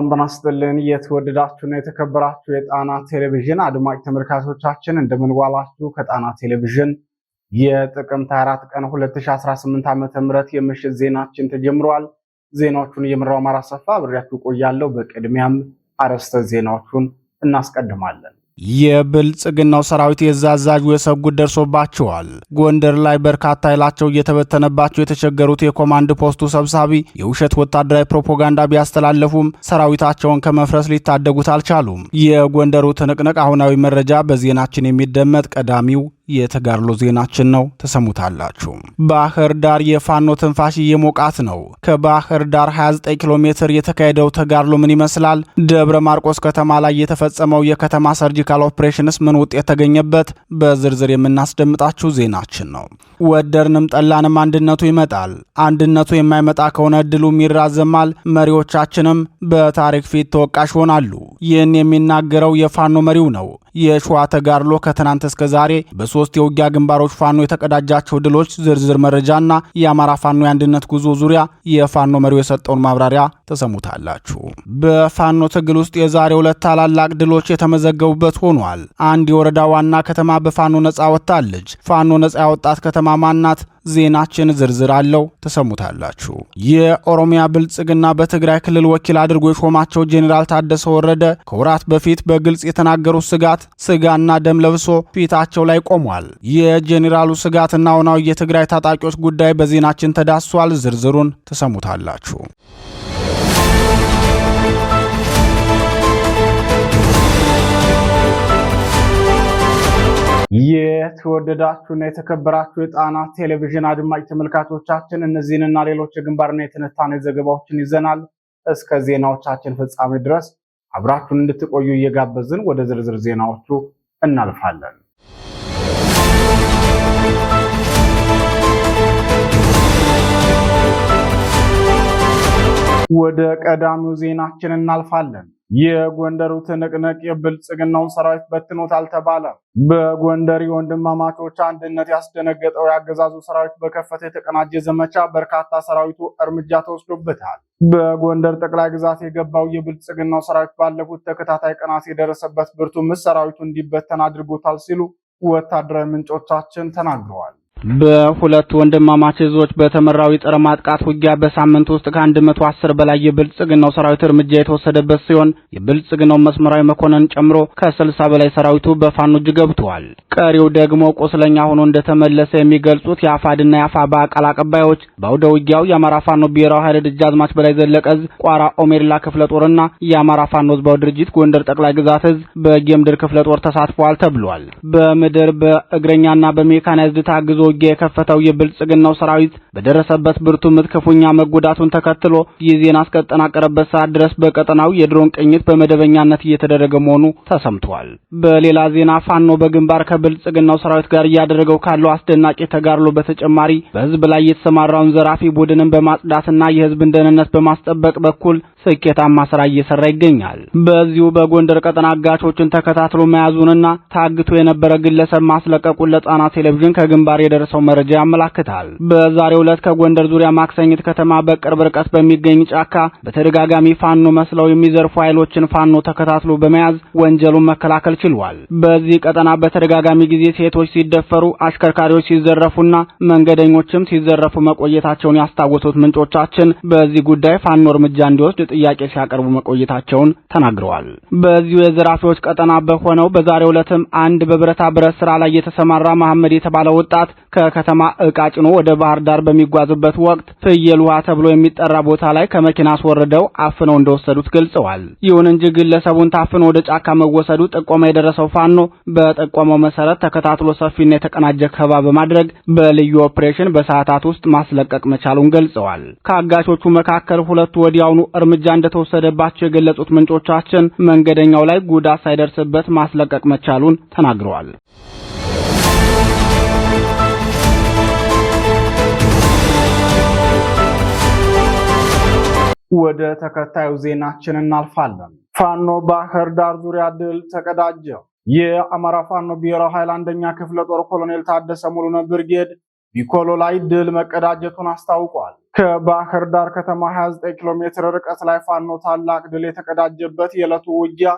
ሰላም ጤና ይስጥልን። የተወደዳችሁና የተከበራችሁ የጣና ቴሌቪዥን አድማጭ ተመልካቾቻችን እንደምንዋላችሁ። ከጣና ቴሌቪዥን የጥቅምት 24 ቀን 2018 ዓ.ም የምሽት ዜናችን ተጀምሯል። ዜናዎቹን እየመራው አማራ ሰፋ ብሬያችሁ ቆያለሁ። በቅድሚያም አርዕስተ ዜናዎቹን እናስቀድማለን። የብልጽግናው ሰራዊት የዛዛዡ የሰጉት ደርሶባቸዋል። ጎንደር ላይ በርካታ ኃይላቸው እየተበተነባቸው የተቸገሩት የኮማንድ ፖስቱ ሰብሳቢ የውሸት ወታደራዊ ፕሮፓጋንዳ ቢያስተላለፉም ሰራዊታቸውን ከመፍረስ ሊታደጉት አልቻሉም። የጎንደሩ ትንቅንቅ አሁናዊ መረጃ በዜናችን የሚደመጥ ቀዳሚው የተጋድሎ ዜናችን ነው፣ ተሰሙታላችሁ። ባህር ዳር የፋኖ ትንፋሽ እየሞቃት ነው። ከባህር ዳር 29 ኪሎ ሜትር የተካሄደው ተጋድሎ ምን ይመስላል? ደብረ ማርቆስ ከተማ ላይ የተፈጸመው የከተማ ሰርጂካል ኦፕሬሽንስ ምን ውጤት የተገኘበት? በዝርዝር የምናስደምጣችሁ ዜናችን ነው። ወደርንም ጠላንም አንድነቱ ይመጣል። አንድነቱ የማይመጣ ከሆነ እድሉም ይራዘማል፣ መሪዎቻችንም በታሪክ ፊት ተወቃሽ ይሆናሉ። ይህን የሚናገረው የፋኖ መሪው ነው። የሸዋ ተጋድሎ ከትናንት እስከ ዛሬ በሶ ሶስት የውጊያ ግንባሮች ፋኖ የተቀዳጃቸው ድሎች ዝርዝር መረጃና የአማራ ፋኖ የአንድነት ጉዞ ዙሪያ የፋኖ መሪው የሰጠውን ማብራሪያ ተሰሙታላችሁ። በፋኖ ትግል ውስጥ የዛሬ ሁለት ታላላቅ ድሎች የተመዘገቡበት ሆኗል። አንድ የወረዳ ዋና ከተማ በፋኖ ነጻ ወጥታለች። ፋኖ ነጻ ያወጣት ከተማ ማናት? ዜናችን ዝርዝር አለው ተሰሙታላችሁ። የኦሮሚያ ብልጽግና በትግራይ ክልል ወኪል አድርጎ የሾማቸው ጄኔራል ታደሰ ወረደ ከወራት በፊት በግልጽ የተናገሩት ስጋት ስጋና ደም ለብሶ ፊታቸው ላይ ቆሟል። የጄኔራሉ ስጋትና ሆናው የትግራይ ታጣቂዎች ጉዳይ በዜናችን ተዳስሷል። ዝርዝሩን ተሰሙታላችሁ። የተወደዳችሁና የተከበራችሁ የጣና ቴሌቪዥን አድማጭ ተመልካቾቻችን እነዚህንና ሌሎች የግንባርና የትንታኔ ዘገባዎችን ይዘናል። እስከ ዜናዎቻችን ፍጻሜ ድረስ አብራችሁን እንድትቆዩ እየጋበዝን ወደ ዝርዝር ዜናዎቹ እናልፋለን። ወደ ቀዳሚው ዜናችን እናልፋለን። የጎንደሩ ትንቅንቅ የብልጽግናውን ሰራዊት በትኖታል ተባለ። በጎንደር የወንድማማቾች አንድነት ያስደነገጠው የአገዛዙ ሰራዊት በከፈተ የተቀናጀ ዘመቻ በርካታ ሰራዊቱ እርምጃ ተወስዶበታል። በጎንደር ጠቅላይ ግዛት የገባው የብልጽግናው ሰራዊት ባለፉት ተከታታይ ቀናት የደረሰበት ብርቱ ምት ሰራዊቱ እንዲበተን አድርጎታል ሲሉ ወታደራዊ ምንጮቻችን ተናግረዋል። በሁለት ወንድማማች እዞች በተመራው የጸረ ማጥቃት ውጊያ በሳምንት ውስጥ ከአንድ መቶ አስር በላይ የብልጽግናው ሰራዊት እርምጃ የተወሰደበት ሲሆን የብልጽግናው መስመራዊ መኮንን ጨምሮ ከስልሳ በላይ ሰራዊቱ በፋኖ እጅ ገብተዋል። ቀሪው ደግሞ ቁስለኛ ሆኖ እንደተመለሰ የሚገልጹት የአፋድና የአፋባ ቃል አቀባዮች በአውደ ውጊያው የአማራ ፋኖ ብሔራዊ ኃይል ደጃዝማች በላይ ዘለቀዝ ቋራ ኦሜድላ ክፍለ ጦርና የአማራ ፋኖ ህዝባዊ ድርጅት ጎንደር ጠቅላይ ግዛት እዝ በጌምድር ክፍለ ጦር ተሳትፈዋል ተብሏል። በምድር በእግረኛና በሜካናይዝድ ታግዞ ውጊያ የከፈተው የብልጽግናው ሰራዊት በደረሰበት ብርቱ ምት ክፉኛ መጎዳቱን ተከትሎ ይህ ዜና እስከተጠናቀረበት ሰዓት ድረስ በቀጠናው የድሮን ቅኝት በመደበኛነት እየተደረገ መሆኑ ተሰምቷል። በሌላ ዜና ፋኖ በግንባር ከብልጽግናው ሰራዊት ጋር እያደረገው ካለው አስደናቂ ተጋድሎ በተጨማሪ በህዝብ ላይ የተሰማራውን ዘራፊ ቡድንን በማጽዳትና የህዝብን ደህንነት በማስጠበቅ በኩል ስኬታማ ስራ እየሰራ ይገኛል። በዚሁ በጎንደር ቀጠና አጋቾችን ተከታትሎ መያዙንና ታግቶ የነበረ ግለሰብ ማስለቀቁን ለጣና ቴሌቪዥን ከግንባር የደረሰው መረጃ ያመላክታል። በዛሬው ዕለት ከጎንደር ዙሪያ ማክሰኝት ከተማ በቅርብ ርቀት በሚገኝ ጫካ በተደጋጋሚ ፋኖ መስለው የሚዘርፉ ኃይሎችን ፋኖ ተከታትሎ በመያዝ ወንጀሉን መከላከል ችሏል። በዚህ ቀጠና በተደጋጋሚ ጊዜ ሴቶች ሲደፈሩ፣ አሽከርካሪዎች ሲዘረፉና መንገደኞችም ሲዘረፉ መቆየታቸውን ያስታወሱት ምንጮቻችን በዚህ ጉዳይ ፋኖ እርምጃ እንዲወስድ ጥያቄ ሲያቀርቡ መቆየታቸውን ተናግረዋል። በዚሁ የዘራፊዎች ቀጠና በሆነው በዛሬው ዕለትም አንድ በብረታ ብረት ስራ ላይ የተሰማራ መሐመድ የተባለ ወጣት ከከተማ እቃ ጭኖ ወደ ባህር ዳር በሚጓዝበት ወቅት ፍየል ውሃ ተብሎ የሚጠራ ቦታ ላይ ከመኪና አስወርደው አፍነው እንደወሰዱት ገልጸዋል። ይሁን እንጂ ግለሰቡን ታፍኖ ወደ ጫካ መወሰዱ ጥቆማ የደረሰው ፋኖ በጠቆመው መሰረት ተከታትሎ ሰፊና የተቀናጀ ከባ በማድረግ በልዩ ኦፕሬሽን በሰዓታት ውስጥ ማስለቀቅ መቻሉን ገልጸዋል። ከአጋቾቹ መካከል ሁለቱ ወዲያውኑ እርምጃ እርምጃ እንደተወሰደባቸው የገለጹት ምንጮቻችን መንገደኛው ላይ ጉዳት ሳይደርስበት ማስለቀቅ መቻሉን ተናግረዋል። ወደ ተከታዩ ዜናችን እናልፋለን። ፋኖ ባህር ዳር ዙሪያ ድል ተቀዳጀ። የአማራ ፋኖ ብሔራዊ ኃይል አንደኛ ክፍለ ጦር ኮሎኔል ታደሰ ሙሉነ ብርጌድ ቢኮሎ ላይ ድል መቀዳጀቱን አስታውቋል። ከባህር ዳር ከተማ 29 ኪሎ ሜትር ርቀት ላይ ፋኖ ታላቅ ድል የተቀዳጀበት የዕለቱ ውጊያ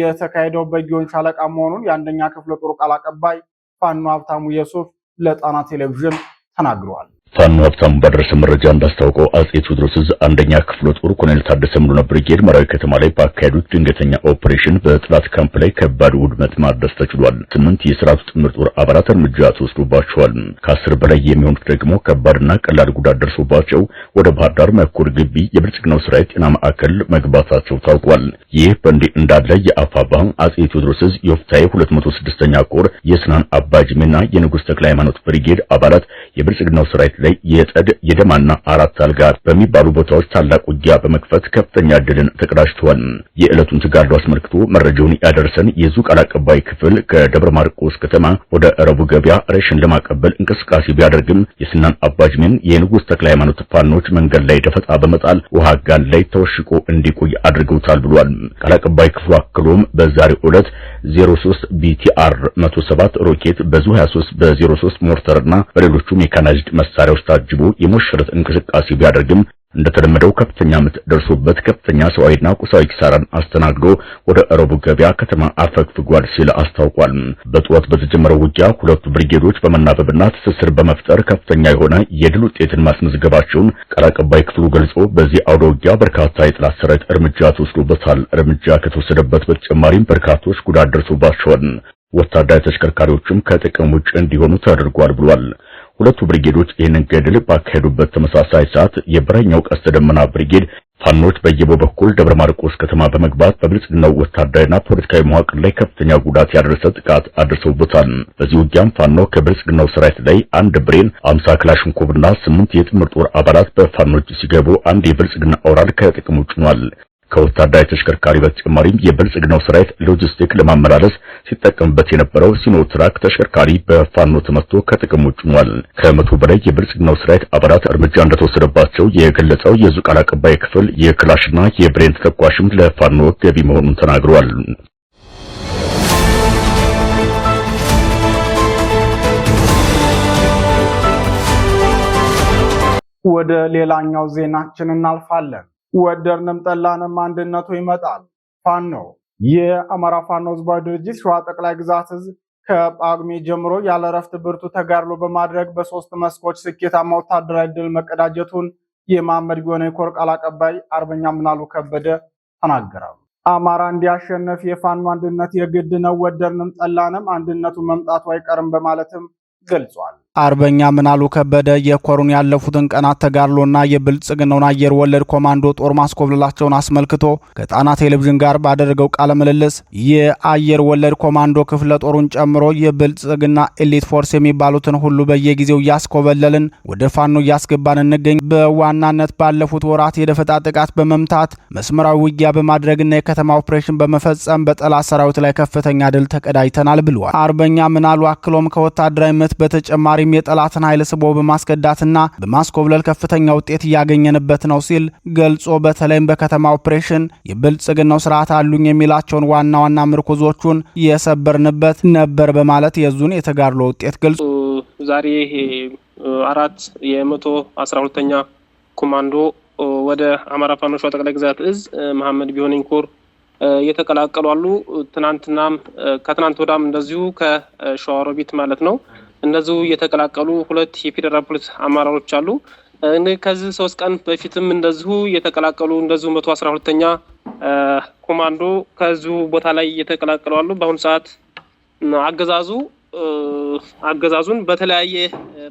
የተካሄደው በጊዮን ሻለቃ መሆኑን የአንደኛ ክፍለ ጦር ቃል አቀባይ ፋኖ ሀብታሙ የሱፍ ለጣና ቴሌቪዥን ተናግረዋል። ፋኖ ሀብታሙ ባደረሰ መረጃ እንዳስታውቀው አጼ ቴዎድሮስ ዕዝ አንደኛ ክፍለ ጦር ኮሎኔል ታደሰ ሙሉነ ብርጌድ መራዊ ከተማ ላይ ባካሄዱት ድንገተኛ ኦፕሬሽን በጥላት ካምፕ ላይ ከባድ ውድመት ማድረስ ተችሏል። ስምንት የስርዓቱ ጥምር ጦር አባላት እርምጃ ተወስዶባቸዋል። ከአስር በላይ የሚሆኑት ደግሞ ከባድና ቀላል ጉዳት ደርሶባቸው ወደ ባህር ዳር መኮር ግቢ የብልጽግናው ስራ የጤና ማዕከል መግባታቸው ታውቋል። ይህ በእንዲህ እንዳለ የአፋባ አጼ ቴዎድሮስ ዕዝ የወፍታዬ 206ኛ ኮር የስናን አባጅሜና የንጉሥ ተክለ ሃይማኖት ብርጌድ አባላት የብልጽግናው ስራ በተለይ የጸድ የደማና አራት አልጋት በሚባሉ ቦታዎች ታላቅ ውጊያ በመክፈት ከፍተኛ ድልን ተቀዳጅቷል። የዕለቱን ተጋድሎ አስመልክቶ መረጃውን ያደርሰን የዙ ቃል አቀባይ ክፍል ከደብረ ማርቆስ ከተማ ወደ ረቡ ገበያ ሬሽን ለማቀበል እንቅስቃሴ ቢያደርግም የስናን አባጅሜን የንጉሥ ተክለ ሃይማኖት ፋኖች መንገድ ላይ ደፈጣ በመጣል ውሃ ጋን ላይ ተወሽቆ እንዲቆይ አድርገውታል ብሏል። ቃል አቀባይ ክፍሉ አክሎም በዛሬው ዕለት 03 ቢቲአር 107 ሮኬት በዙ 23 በ03 ሞርተርና በሌሎቹ ሜካናይዝድ መሳሪያ ውስጥ ታጅቦ የሞት እንቅስቃሴ ቢያደርግም እንደተለመደው ከፍተኛ ምት ደርሶበት ከፍተኛ ሰዋዊና ቁሳዊ ኪሳራን አስተናግዶ ወደ ረቡዕ ገበያ ከተማ አፈግፍጓል ሲል አስታውቋል። በጥዋት በተጀመረው ውጊያ ሁለቱ ብርጌዶች በመናበብና ትስስር በመፍጠር ከፍተኛ የሆነ የድል ውጤትን ማስመዝገባቸውን ቃል አቀባይ ክፍሉ ገልጾ በዚህ አውደ ውጊያ በርካታ የጠላት ሰራዊት እርምጃ ተወስዶበታል። እርምጃ ከተወሰደበት በተጨማሪም በርካቶች ጉዳት ደርሶባቸዋል። ወታደራዊ ተሽከርካሪዎችም ከጥቅም ውጭ እንዲሆኑ ተደርጓል ብሏል። ሁለቱ ብሪጌዶች ይህንን ገድል ባካሄዱበት ተመሳሳይ ሰዓት የብራኛው ቀስተ ደመና ብሪጌድ ፋኖች በየቦ በኩል ደብረ ማርቆስ ከተማ በመግባት በብልጽግናው ወታደራዊና ፖለቲካዊ መዋቅር ላይ ከፍተኛ ጉዳት ያደረሰ ጥቃት አድርሰውበታል። በዚህ ውጊያም ፋኖ ከብልጽግናው ሰራዊት ላይ አንድ ብሬን፣ አምሳ ክላሽንኮቭና ስምንት የጥምር ጦር አባላት በፋኖች ሲገቡ አንድ የብልጽግና አውራል ከጥቅም ውጭ ሆኗል። ከወታደራዊ ተሽከርካሪ በተጨማሪም የብልጽግናው ሰራዊት ሎጂስቲክ ለማመላለስ ሲጠቀምበት የነበረው ሲኖትራክ ተሽከርካሪ በፋኖ ተመቶ ከጥቅም ውጭ ሆኗል። ከመቶ በላይ የብልጽግናው ሰራዊት አባላት እርምጃ እንደተወሰደባቸው የገለጸው የዙ ቃል አቀባይ ክፍል የክላሽና የብሬን ተተኳሽም ለፋኖ ገቢ መሆኑን ተናግሯል። ወደ ሌላኛው ዜናችን እናልፋለን። ወደርንም ጠላንም አንድነቱ ይመጣል። ፋኖ የአማራ ፋኖ ህዝባዊ ድርጅት ሸዋ ጠቅላይ ግዛት እዝ ከጳጉሜ ጀምሮ ያለ እረፍት ብርቱ ተጋድሎ በማድረግ በሶስት መስኮች ስኬታማ ወታደራዊ ድል መቀዳጀቱን የማመድ ቢሆነ የኮር ቃል አቀባይ አርበኛ ምናሉ ከበደ ተናገረ። አማራ እንዲያሸነፍ የፋኖ አንድነት የግድ ነው፣ ወደርንም ጠላንም አንድነቱ መምጣቱ አይቀርም በማለትም ገልጿል። አርበኛ ምናሉ ከበደ የኮሩን ያለፉትን ቀናት ተጋድሎና የብልጽግናውን አየር ወለድ ኮማንዶ ጦር ማስኮብለላቸውን አስመልክቶ ከጣና ቴሌቪዥን ጋር ባደረገው ቃለ ምልልስ የአየር ወለድ ኮማንዶ ክፍለ ጦሩን ጨምሮ የብልጽግና ኤሊት ፎርስ የሚባሉትን ሁሉ በየጊዜው እያስኮበለልን ወደ ፋኖ እያስገባን እንገኝ። በዋናነት ባለፉት ወራት የደፈጣ ጥቃት በመምታት መስመራዊ ውጊያ በማድረግና የከተማ ኦፕሬሽን በመፈጸም በጠላት ሰራዊት ላይ ከፍተኛ ድል ተቀዳጅተናል ብለዋል። አርበኛ ምናሉ አክሎም ከወታደራዊ ምት በተጨማሪ በተጨማሪም የጠላትን ኃይል ስቦ በማስገዳትና በማስኮብለል ከፍተኛ ውጤት እያገኘንበት ነው ሲል ገልጾ በተለይም በከተማ ኦፕሬሽን የብልጽግናው ስርዓት አሉኝ የሚላቸውን ዋና ዋና ምርኩዞቹን የሰበርንበት ነበር በማለት የዙን የተጋድሎ ውጤት ገልጾ ዛሬ አራት የመቶ አስራ ሁለተኛ ኮማንዶ ወደ አማራ ፋኖ ሸዋ ጠቅላይ ግዛት እዝ መሐመድ ቢሆነኝ ኮር እየተቀላቀሉ አሉ። ትናንትናም ከትናንት ወዳም እንደዚሁ ከሸዋሮቢት ማለት ነው እነዚሁ የተቀላቀሉ ሁለት የፌዴራል ፖሊስ አመራሮች አሉ። ከዚህ ሶስት ቀን በፊትም እንደዚሁ የተቀላቀሉ እንደዚሁ መቶ አስራ ሁለተኛ ኮማንዶ ከዚሁ ቦታ ላይ የተቀላቀሉ አሉ። በአሁኑ ሰዓት አገዛዙ አገዛዙን በተለያየ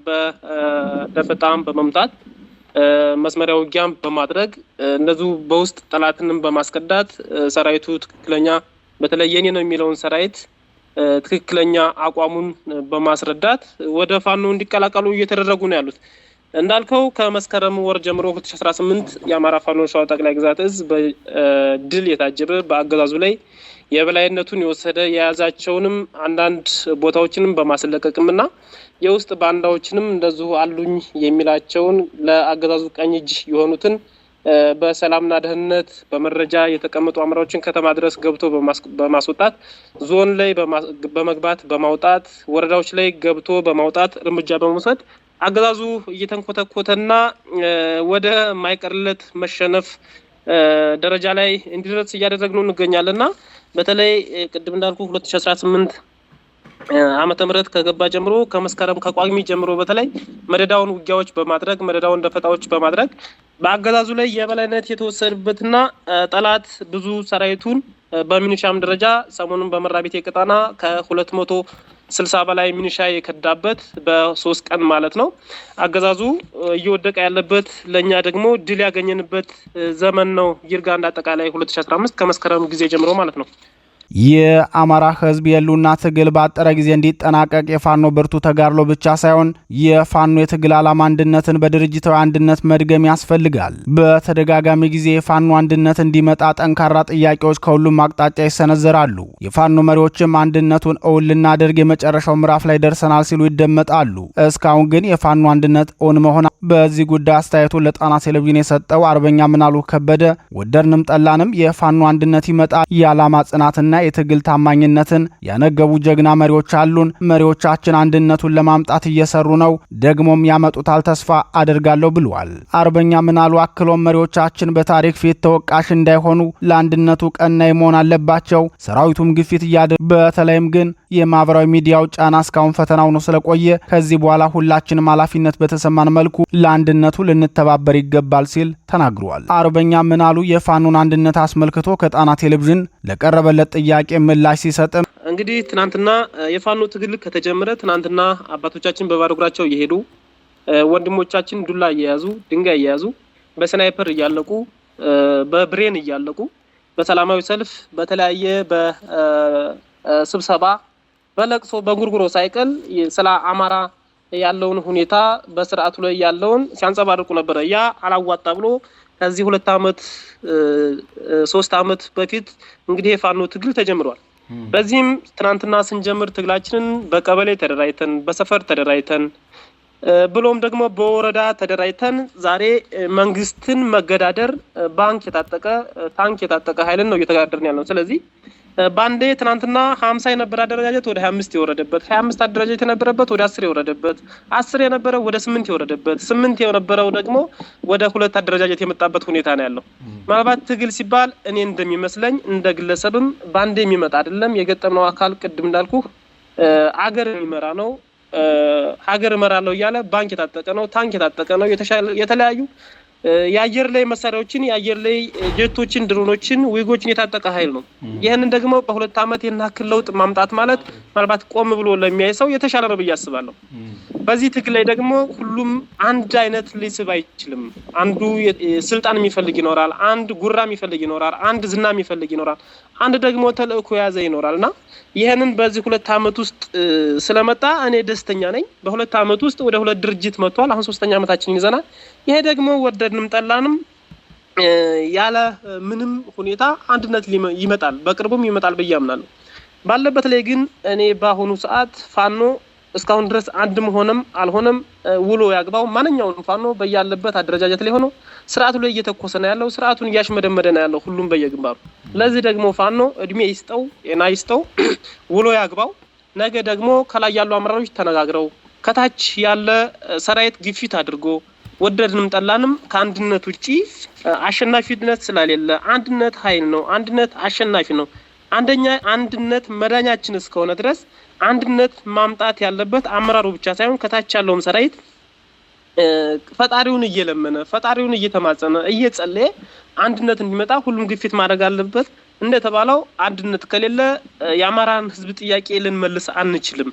በደፈጣም በመምታት መስመሪያ ውጊያም በማድረግ እንደዚሁ በውስጥ ጠላትንም በማስከዳት ሰራዊቱ ትክክለኛ በተለይ የኔ ነው የሚለውን ሰራዊት ትክክለኛ አቋሙን በማስረዳት ወደ ፋኖ እንዲቀላቀሉ እየተደረጉ ነው ያሉት። እንዳልከው ከመስከረም ወር ጀምሮ 2018 የአማራ ፋኖ ሸዋ ጠቅላይ ግዛት እዝ በድል የታጀበ በአገዛዙ ላይ የበላይነቱን የወሰደ የያዛቸውንም አንዳንድ ቦታዎችንም በማስለቀቅምና የውስጥ ባንዳዎችንም እንደዚሁ አሉኝ የሚላቸውን ለአገዛዙ ቀኝ እጅ የሆኑትን በሰላምና ደህንነት በመረጃ የተቀመጡ አመራሮችን ከተማ ድረስ ገብቶ በማስወጣት ዞን ላይ በመግባት በማውጣት ወረዳዎች ላይ ገብቶ በማውጣት እርምጃ በመውሰድ አገዛዙ እየተንኮተኮተና ወደ ማይቀርለት መሸነፍ ደረጃ ላይ እንዲደረስ እያደረግ ነው እና በተለይ ቅድም እንዳልኩ ሁለት ሺ አስራ ስምንት ዓመተ ምህረት ከገባ ጀምሮ ከመስከረም ከቋሚ ጀምሮ በተለይ መደዳውን ውጊያዎች በማድረግ መደዳውን ደፈጣዎች በማድረግ በአገዛዙ ላይ የበላይነት የተወሰደበትና ጠላት ብዙ ሰራዊቱን በሚኒሻም ደረጃ ሰሞኑን በመራቤቴ ቀጠና ከሁለት መቶ ስልሳ በላይ ሚኒሻ የከዳበት በሶስት ቀን ማለት ነው። አገዛዙ እየወደቀ ያለበት ለእኛ ደግሞ ድል ያገኘንበት ዘመን ነው። ይርጋ እንደ አጠቃላይ 2015 ከመስከረም ጊዜ ጀምሮ ማለት ነው። የአማራ ህዝብ የሉና ትግል ባጠረ ጊዜ እንዲጠናቀቅ የፋኖ ብርቱ ተጋድሎ ብቻ ሳይሆን የፋኖ የትግል ዓላማ አንድነትን በድርጅታዊ አንድነት መድገም ያስፈልጋል። በተደጋጋሚ ጊዜ የፋኖ አንድነት እንዲመጣ ጠንካራ ጥያቄዎች ከሁሉም አቅጣጫ ይሰነዘራሉ። የፋኖ መሪዎችም አንድነቱን እውን ልናደርግ የመጨረሻው ምዕራፍ ላይ ደርሰናል ሲሉ ይደመጣሉ። እስካሁን ግን የፋኖ አንድነት እውን መሆን በዚህ ጉዳይ አስተያየቱን ለጣና ቴሌቪዥን የሰጠው አርበኛ ምናሉ ከበደ ወደርንም ጠላንም የፋኖ አንድነት ይመጣል የዓላማ ጽናትና የትግል ታማኝነትን ያነገቡ ጀግና መሪዎች አሉን። መሪዎቻችን አንድነቱን ለማምጣት እየሰሩ ነው፣ ደግሞም ያመጡታል ተስፋ አደርጋለሁ ብለዋል። አርበኛ ምናሉ አክሎም መሪዎቻችን በታሪክ ፊት ተወቃሽ እንዳይሆኑ ለአንድነቱ ቀናይ መሆን አለባቸው። ሰራዊቱም ግፊት እያደ በተለይም ግን የማህበራዊ ሚዲያው ጫና እስካሁን ፈተና ሆኖ ስለቆየ ከዚህ በኋላ ሁላችንም ኃላፊነት በተሰማን መልኩ ለአንድነቱ ልንተባበር ይገባል ሲል ተናግሯል። አርበኛ ምናሉ የፋኖን አንድነት አስመልክቶ ከጣና ቴሌቪዥን ለቀረበለት ጥያቄ ምላሽ ሲሰጥም እንግዲህ ትናንትና የፋኖ ትግል ከተጀመረ ትናንትና አባቶቻችን በባዶ እግራቸው እየሄዱ ወንድሞቻችን ዱላ እየያዙ ድንጋይ እየያዙ በስናይፐር እያለቁ በብሬን እያለቁ በሰላማዊ ሰልፍ በተለያየ በስብሰባ በለቅሶ በጉርጉሮ ሳይቀል ስለ አማራ ያለውን ሁኔታ በስርዓቱ ላይ ያለውን ሲያንጸባርቁ ነበረ። ያ አላዋጣ ብሎ ከዚህ ሁለት አመት ሶስት አመት በፊት እንግዲህ የፋኖ ትግል ተጀምሯል። በዚህም ትናንትና ስንጀምር ትግላችንን በቀበሌ ተደራጅተን በሰፈር ተደራጅተን ብሎም ደግሞ በወረዳ ተደራጅተን ዛሬ መንግስትን መገዳደር ባንክ የታጠቀ ታንክ የታጠቀ ኃይልን ነው እየተጋደርን ያለው። ስለዚህ ባንዴ ትናንትና ሀምሳ የነበረ አደረጃጀት ወደ ሀያ አምስት የወረደበት፣ ሀያ አምስት አደረጃጀት የነበረበት ወደ አስር የወረደበት፣ አስር የነበረው ወደ ስምንት የወረደበት፣ ስምንት የነበረው ደግሞ ወደ ሁለት አደረጃጀት የመጣበት ሁኔታ ነው ያለው። ምናልባት ትግል ሲባል እኔ እንደሚመስለኝ እንደ ግለሰብም ባንዴ የሚመጣ አይደለም። የገጠምነው አካል ቅድም እንዳልኩ አገር የሚመራ ነው ሀገር እመራለሁ እያለ ባንክ የታጠቀ ነው፣ ታንክ የታጠቀ ነው። የተለያዩ የአየር ላይ መሳሪያዎችን የአየር ላይ ጀቶችን፣ ድሮኖችን፣ ዊጎችን የታጠቀ ኃይል ነው። ይህንን ደግሞ በሁለት ዓመት የናክል ለውጥ ማምጣት ማለት ምናልባት ቆም ብሎ ለሚያይ ሰው የተሻለ ነው ብዬ አስባለሁ። በዚህ ትግል ላይ ደግሞ ሁሉም አንድ አይነት ሊስብ አይችልም። አንዱ ስልጣን የሚፈልግ ይኖራል፣ አንድ ጉራ የሚፈልግ ይኖራል፣ አንድ ዝና የሚፈልግ ይኖራል፣ አንድ ደግሞ ተልእኮ የያዘ ይኖራል እና ይህንን በዚህ ሁለት ዓመት ውስጥ ስለመጣ እኔ ደስተኛ ነኝ። በሁለት ዓመት ውስጥ ወደ ሁለት ድርጅት መጥቷል። አሁን ሶስተኛ ዓመታችን ይዘናል። ይሄ ደግሞ ወደ ወደድንም ጠላንም ያለ ምንም ሁኔታ አንድነት ይመጣል፣ በቅርቡም ይመጣል ብዬ አምናለሁ። ባለበት ላይ ግን እኔ በአሁኑ ሰዓት ፋኖ እስካሁን ድረስ አንድም ሆነም አልሆነም ውሎ ያግባው ማንኛውንም ፋኖ በያለበት አደረጃጀት ላይ ሆኖ ስርዓቱ ላይ እየተኮሰ ነው ያለው፣ ስርዓቱን እያሽመደመደ ነው ያለው ሁሉም በየግንባሩ። ለዚህ ደግሞ ፋኖ እድሜ ይስጠው፣ ጤና ይስጠው፣ ውሎ ያግባው። ነገ ደግሞ ከላይ ያሉ አመራሮች ተነጋግረው ከታች ያለ ሰራዊት ግፊት አድርጎ ወደድንም ጠላንም ከአንድነት ውጪ አሸናፊነት ስለሌለ አንድነት ኃይል ነው። አንድነት አሸናፊ ነው። አንደኛ አንድነት መዳኛችን እስከሆነ ድረስ አንድነት ማምጣት ያለበት አመራሩ ብቻ ሳይሆን ከታች ያለውም ሰራዊት ፈጣሪውን እየለመነ ፈጣሪውን እየተማጸነ እየጸለየ አንድነት እንዲመጣ ሁሉም ግፊት ማድረግ አለበት። እንደተባለው አንድነት ከሌለ የአማራን ሕዝብ ጥያቄ ልንመልስ አንችልም።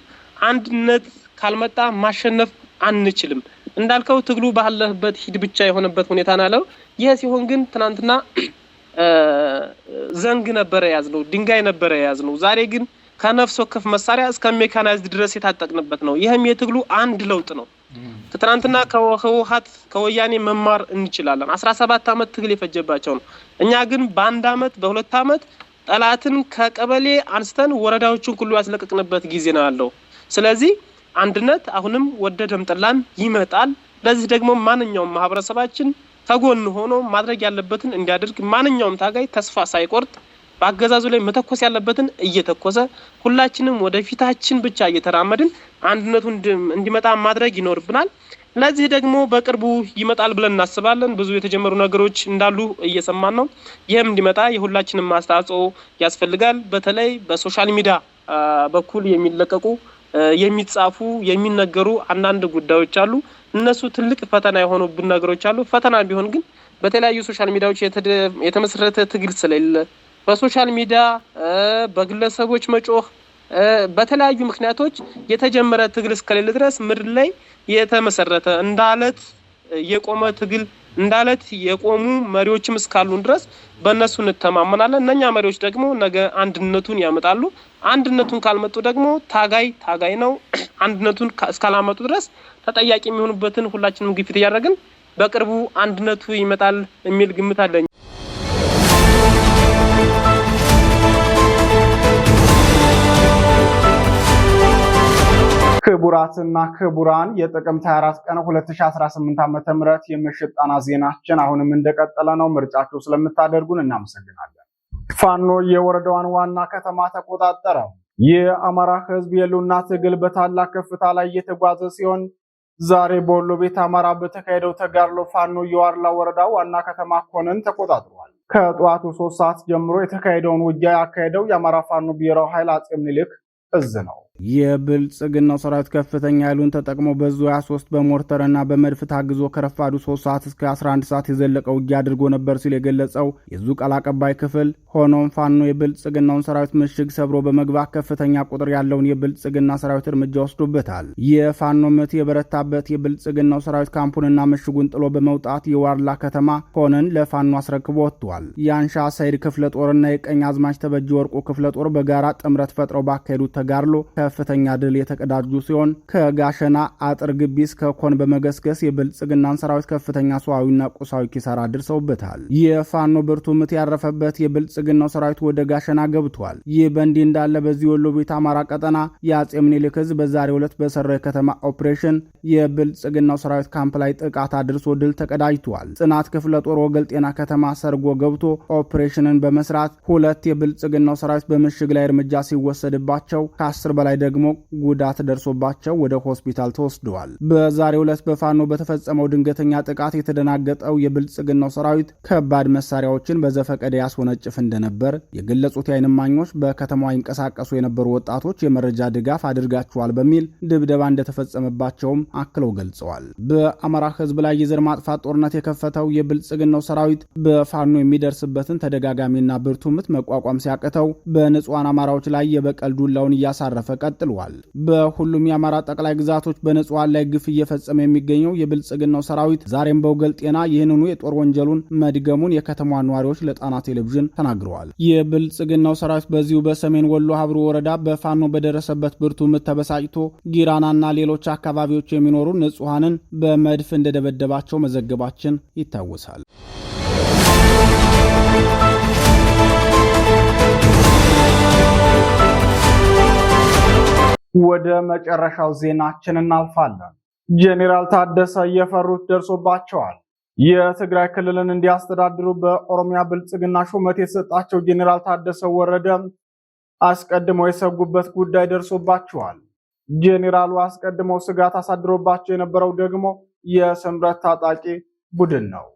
አንድነት ካልመጣ ማሸነፍ አንችልም። እንዳልከው ትግሉ ባለህበት ሂድ ብቻ የሆነበት ሁኔታ ናለው። ይህ ሲሆን ግን ትናንትና ዘንግ ነበረ የያዝ ነው፣ ድንጋይ ነበረ የያዝ ነው። ዛሬ ግን ከነፍስ ወከፍ መሳሪያ እስከ ሜካናይዝድ ድረስ የታጠቅንበት ነው። ይህም የትግሉ አንድ ለውጥ ነው። ትናንትና ከህወሀት ከወያኔ መማር እንችላለን። አስራ ሰባት አመት ትግል የፈጀባቸው ነው። እኛ ግን በአንድ አመት በሁለት አመት ጠላትን ከቀበሌ አንስተን ወረዳዎችን ሁሉ ያስለቀቅንበት ጊዜ ነው ያለው። ስለዚህ አንድነት አሁንም ወደ ጠላም ይመጣል። ለዚህ ደግሞ ማንኛውም ማህበረሰባችን ከጎን ሆኖ ማድረግ ያለበትን እንዲያደርግ ማንኛውም ታጋይ ተስፋ ሳይቆርጥ በአገዛዙ ላይ መተኮስ ያለበትን እየተኮሰ ሁላችንም ወደፊታችን ብቻ እየተራመድን አንድነቱ እንዲመጣ ማድረግ ይኖርብናል። ለዚህ ደግሞ በቅርቡ ይመጣል ብለን እናስባለን። ብዙ የተጀመሩ ነገሮች እንዳሉ እየሰማን ነው። ይህም እንዲመጣ የሁላችንም አስተዋጽኦ ያስፈልጋል። በተለይ በሶሻል ሚዲያ በኩል የሚለቀቁ የሚጻፉ የሚነገሩ አንዳንድ ጉዳዮች አሉ። እነሱ ትልቅ ፈተና የሆኑብን ነገሮች አሉ። ፈተና ቢሆን ግን በተለያዩ ሶሻል ሚዲያዎች የተመሰረተ ትግል ስለሌለ በሶሻል ሚዲያ በግለሰቦች መጮህ በተለያዩ ምክንያቶች የተጀመረ ትግል እስከሌለ ድረስ ምድር ላይ የተመሰረተ እንደ አለት የቆመ ትግል እንዳለት የቆሙ መሪዎችም እስካሉን ድረስ በእነሱ እንተማመናለን። እነኛ መሪዎች ደግሞ ነገ አንድነቱን ያመጣሉ። አንድነቱን ካልመጡ ደግሞ ታጋይ ታጋይ ነው። አንድነቱን እስካላመጡ ድረስ ተጠያቂ የሚሆኑበትን ሁላችንም ግፊት እያደረግን በቅርቡ አንድነቱ ይመጣል የሚል ግምት አለኝ። ክቡራትና ክቡራን የጥቅምት 24 ቀን 2018 ዓ.ም ምረት የምሽት ጣና ዜናችን አሁንም እንደቀጠለ ነው። ምርጫችሁ ስለምታደርጉን እናመሰግናለን። ፋኖ የወረዳዋን ዋና ከተማ ተቆጣጠረ። የአማራ ህዝብ የሉና ትግል በታላቅ ከፍታ ላይ እየተጓዘ ሲሆን ዛሬ በወሎ ቤት አማራ በተካሄደው ተጋድሎ ፋኖ የዋርላ ወረዳ ዋና ከተማ ኮንን ተቆጣጥሯል። ከጠዋቱ ሶስት ሰዓት ጀምሮ የተካሄደውን ውጊያ ያካሄደው የአማራ ፋኖ ብሔራዊ ኃይል አጼ ምኒልክ እዝ ነው። የብልጽግና ሰራዊት ከፍተኛ ኃይሉን ተጠቅሞ በዙ 23 በሞርተርና በመድፍ ታግዞ ከረፋዱ 3 ሰዓት እስከ 11 ሰዓት የዘለቀ ውጊያ አድርጎ ነበር ሲል የገለጸው የዙ ቃል አቀባይ ክፍል፣ ሆኖም ፋኖ የብልጽግናውን ሰራዊት ምሽግ ሰብሮ በመግባት ከፍተኛ ቁጥር ያለውን የብልጽግና ሰራዊት እርምጃ ወስዶበታል። የፋኖ ምት የበረታበት የብልጽግናው ሰራዊት ካምፑንና ምሽጉን ጥሎ በመውጣት የዋርላ ከተማ ሆነን ለፋኖ አስረክቦ ወጥቷል። የአንሻ ሰይድ ክፍለ ጦርና የቀኝ አዝማች ተበጅ ወርቁ ክፍለ ጦር በጋራ ጥምረት ፈጥረው ባካሄዱት ተጋድሎ ከፍተኛ ድል የተቀዳጁ ሲሆን ከጋሸና አጥር ግቢ እስከ ኮን በመገስገስ የብልጽግናን ሰራዊት ከፍተኛ ሰዋዊና ቁሳዊ ኪሳራ አድርሰውበታል። የፋኖ ብርቱ ምት ያረፈበት የብልጽግናው ሰራዊት ወደ ጋሸና ገብቷል። ይህ በእንዲህ እንዳለ በዚህ ወሎ ቤት አማራ ቀጠና የአጼ ምኒልክ ህዝብ በዛሬ ዕለት በሰራው የከተማ ኦፕሬሽን የብልጽግናው ሰራዊት ካምፕ ላይ ጥቃት አድርሶ ድል ተቀዳጅቷል። ጽናት ክፍለ ጦር ወገል ጤና ከተማ ሰርጎ ገብቶ ኦፕሬሽንን በመስራት ሁለት የብልጽግናው ሰራዊት በምሽግ ላይ እርምጃ ሲወሰድባቸው ከአስር በላይ ደግሞ ጉዳት ደርሶባቸው ወደ ሆስፒታል ተወስደዋል። በዛሬው ዕለት በፋኖ በተፈጸመው ድንገተኛ ጥቃት የተደናገጠው የብልጽግናው ሰራዊት ከባድ መሳሪያዎችን በዘፈቀደ ያስወነጭፍ እንደነበር የገለጹት የዓይን እማኞች በከተማዋ ይንቀሳቀሱ የነበሩ ወጣቶች የመረጃ ድጋፍ አድርጋችኋል በሚል ድብደባ እንደተፈጸመባቸውም አክለው ገልጸዋል። በአማራ ህዝብ ላይ የዘር ማጥፋት ጦርነት የከፈተው የብልጽግናው ሰራዊት በፋኖ የሚደርስበትን ተደጋጋሚና ብርቱ ምት መቋቋም ሲያቅተው በንጹሐን አማራዎች ላይ የበቀል ዱላውን እያሳረፈ ቀጥሏል። በሁሉም የአማራ ጠቅላይ ግዛቶች በንጹሐን ላይ ግፍ እየፈጸመ የሚገኘው የብልጽግናው ሰራዊት ዛሬም በውገል ጤና ይህንኑ የጦር ወንጀሉን መድገሙን የከተማ ነዋሪዎች ለጣና ቴሌቪዥን ተናግረዋል። የብልጽግናው ሰራዊት በዚሁ በሰሜን ወሎ ሀብሩ ወረዳ በፋኖ በደረሰበት ብርቱ ምት ተበሳጭቶ ጊራናና ሌሎች አካባቢዎች የሚኖሩ ንጹሐንን በመድፍ እንደደበደባቸው መዘገባችን ይታወሳል። ወደ መጨረሻው ዜናችን እናልፋለን። ጄኔራል ታደሰ የፈሩት ደርሶባቸዋል። የትግራይ ክልልን እንዲያስተዳድሩ በኦሮሚያ ብልጽግና ሹመት የተሰጣቸው ጄኔራል ታደሰ ወረደ አስቀድመው የሰጉበት ጉዳይ ደርሶባቸዋል። ጄኔራሉ አስቀድመው ስጋት አሳድሮባቸው የነበረው ደግሞ የስምረት ታጣቂ ቡድን ነው።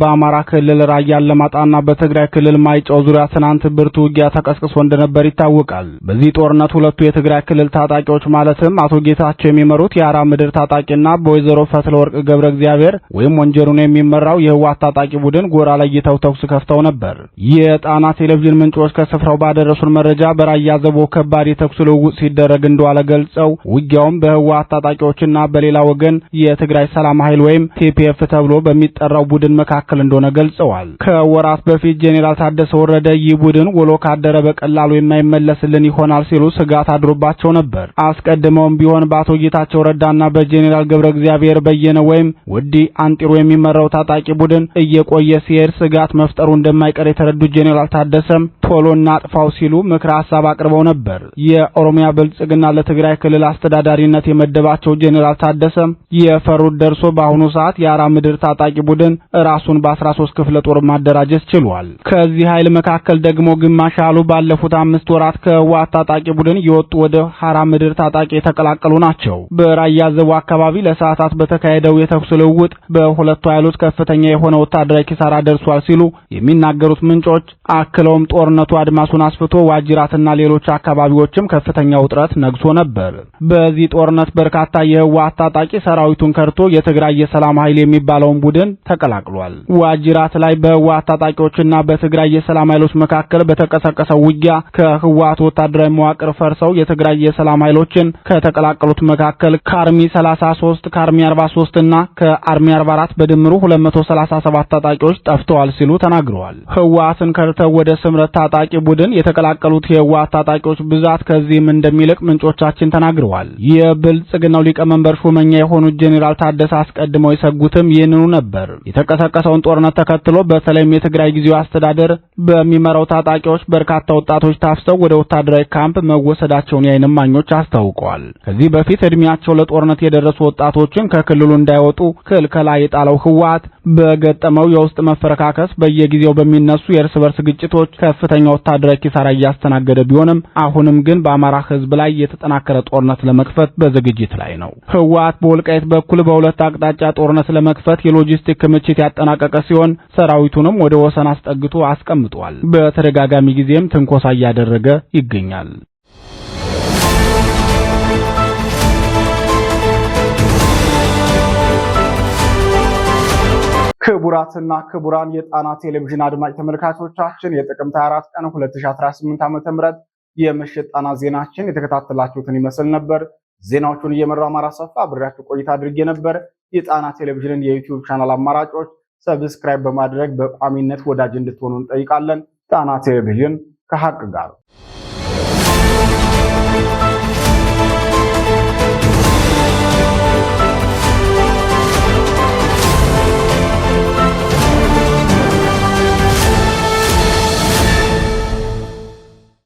በአማራ ክልል ራያ አላማጣና በትግራይ ክልል ማይጨው ዙሪያ ትናንት ብርቱ ውጊያ ተቀስቅሶ እንደነበር ይታወቃል። በዚህ ጦርነት ሁለቱ የትግራይ ክልል ታጣቂዎች ማለትም አቶ ጌታቸው የሚመሩት የአራ ምድር ታጣቂና በወይዘሮ ፈትለ ወርቅ ገብረ እግዚአብሔር ወይም ወንጀሩን የሚመራው የህወሓት ታጣቂ ቡድን ጎራ ለይተው ተኩስ ከፍተው ነበር። የጣና ቴሌቪዥን ምንጮች ከስፍራው ባደረሱን መረጃ በራያ ዘቦ ከባድ የተኩስ ልውውጥ ሲደረግ እንደዋለ ገልጸው ውጊያውም በህወሓት ታጣቂዎችና በሌላ ወገን የትግራይ ሰላም ኃይል ወይም ቲፒኤፍ ተብሎ በሚጠራው ቡድን መካ መካከል እንደሆነ ገልጸዋል። ከወራት በፊት ጄኔራል ታደሰ ወረደ ይህ ቡድን ውሎ ካደረ በቀላሉ የማይመለስልን ይሆናል ሲሉ ስጋት አድሮባቸው ነበር። አስቀድመውም ቢሆን በአቶ ጌታቸው ረዳና በጄኔራል ገብረ እግዚአብሔር በየነ ወይም ውዲ አንጢሮ የሚመራው ታጣቂ ቡድን እየቆየ ሲሄድ ስጋት መፍጠሩ እንደማይቀር የተረዱ ጄኔራል ታደሰም ቶሎ እናጥፋው ሲሉ ምክረ ሀሳብ አቅርበው ነበር። የኦሮሚያ ብልጽግና ለትግራይ ክልል አስተዳዳሪነት የመደባቸው ጄኔራል ታደሰም የፈሩት ደርሶ በአሁኑ ሰዓት የአራ ምድር ታጣቂ ቡድን ራሱ ራሱን በ13 ክፍለ ጦር ማደራጀት ችሏል። ከዚህ ኃይል መካከል ደግሞ ግማሽ ያሉ ባለፉት አምስት ወራት ከህወሓት ታጣቂ ቡድን የወጡ ወደ ሐራ ምድር ታጣቂ የተቀላቀሉ ናቸው። በራያ ዘቡ አካባቢ ለሰዓታት በተካሄደው የተኩስ ልውውጥ በሁለቱ ኃይሎች ከፍተኛ የሆነ ወታደራዊ ኪሳራ ደርሷል ሲሉ የሚናገሩት ምንጮች አክለውም ጦርነቱ አድማሱን አስፍቶ ዋጅራትና ሌሎች አካባቢዎችም ከፍተኛ ውጥረት ነግሶ ነበር። በዚህ ጦርነት በርካታ የህወሓት ታጣቂ ሰራዊቱን ከርቶ የትግራይ የሰላም ኃይል የሚባለውን ቡድን ተቀላቅሏል። ገልጿል። ዋጅራት ላይ በህወሓት ታጣቂዎችና በትግራይ የሰላም ኃይሎች መካከል በተቀሰቀሰው ውጊያ ከህወሓት ወታደራዊ መዋቅር ፈርሰው የትግራይ የሰላም ኃይሎችን ከተቀላቀሉት መካከል ከአርሚ 33 ከአርሚ 43 እና ከአርሚ 44 በድምሩ 237 ታጣቂዎች ጠፍተዋል ሲሉ ተናግረዋል። ህወሓትን ከርተው ወደ ስምረት ታጣቂ ቡድን የተቀላቀሉት የህወሓት ታጣቂዎች ብዛት ከዚህም እንደሚልቅ ምንጮቻችን ተናግረዋል። የብልጽግናው ሊቀመንበር ሹመኛ የሆኑት ጄኔራል ታደሰ አስቀድመው የሰጉትም ይህንኑ ነበር። የተቀሰቀ የተቀሰቀሰውን ጦርነት ተከትሎ በተለይም የትግራይ ጊዜያዊ አስተዳደር በሚመራው ታጣቂዎች በርካታ ወጣቶች ታፍሰው ወደ ወታደራዊ ካምፕ መወሰዳቸውን የዓይን እማኞች አስታውቀዋል። ከዚህ በፊት እድሜያቸው ለጦርነት የደረሱ ወጣቶችን ከክልሉ እንዳይወጡ ክልከላ የጣለው ህወሓት በገጠመው የውስጥ መፈረካከስ በየጊዜው በሚነሱ የእርስ በርስ ግጭቶች ከፍተኛ ወታደራዊ ኪሳራ እያስተናገደ ቢሆንም አሁንም ግን በአማራ ህዝብ ላይ የተጠናከረ ጦርነት ለመክፈት በዝግጅት ላይ ነው። ህወሓት በወልቃይት በኩል በሁለት አቅጣጫ ጦርነት ለመክፈት የሎጂስቲክ ክምችት ያጠና የተጠናቀቀ ሲሆን ሰራዊቱንም ወደ ወሰን አስጠግቶ አስቀምጧል። በተደጋጋሚ ጊዜም ትንኮሳ እያደረገ ይገኛል። ክቡራትና ክቡራን የጣና ቴሌቪዥን አድማጭ ተመልካቾቻችን የጥቅምት 24 ቀን 2018 ዓ.ም ተምረት የምሽት ጣና ዜናችን የተከታተላችሁትን ይመስል ነበር። ዜናዎቹን እየመራው አማራ ሰፋ ብሬያችሁ ቆይታ አድርጌ ነበር። የጣና ቴሌቪዥንን የዩቲዩብ ቻናል አማራጮች ሰብስክራይብ በማድረግ በቋሚነት ወዳጅ እንድትሆኑ እንጠይቃለን። ጣና ቴሌቪዥን ከሀቅ ጋር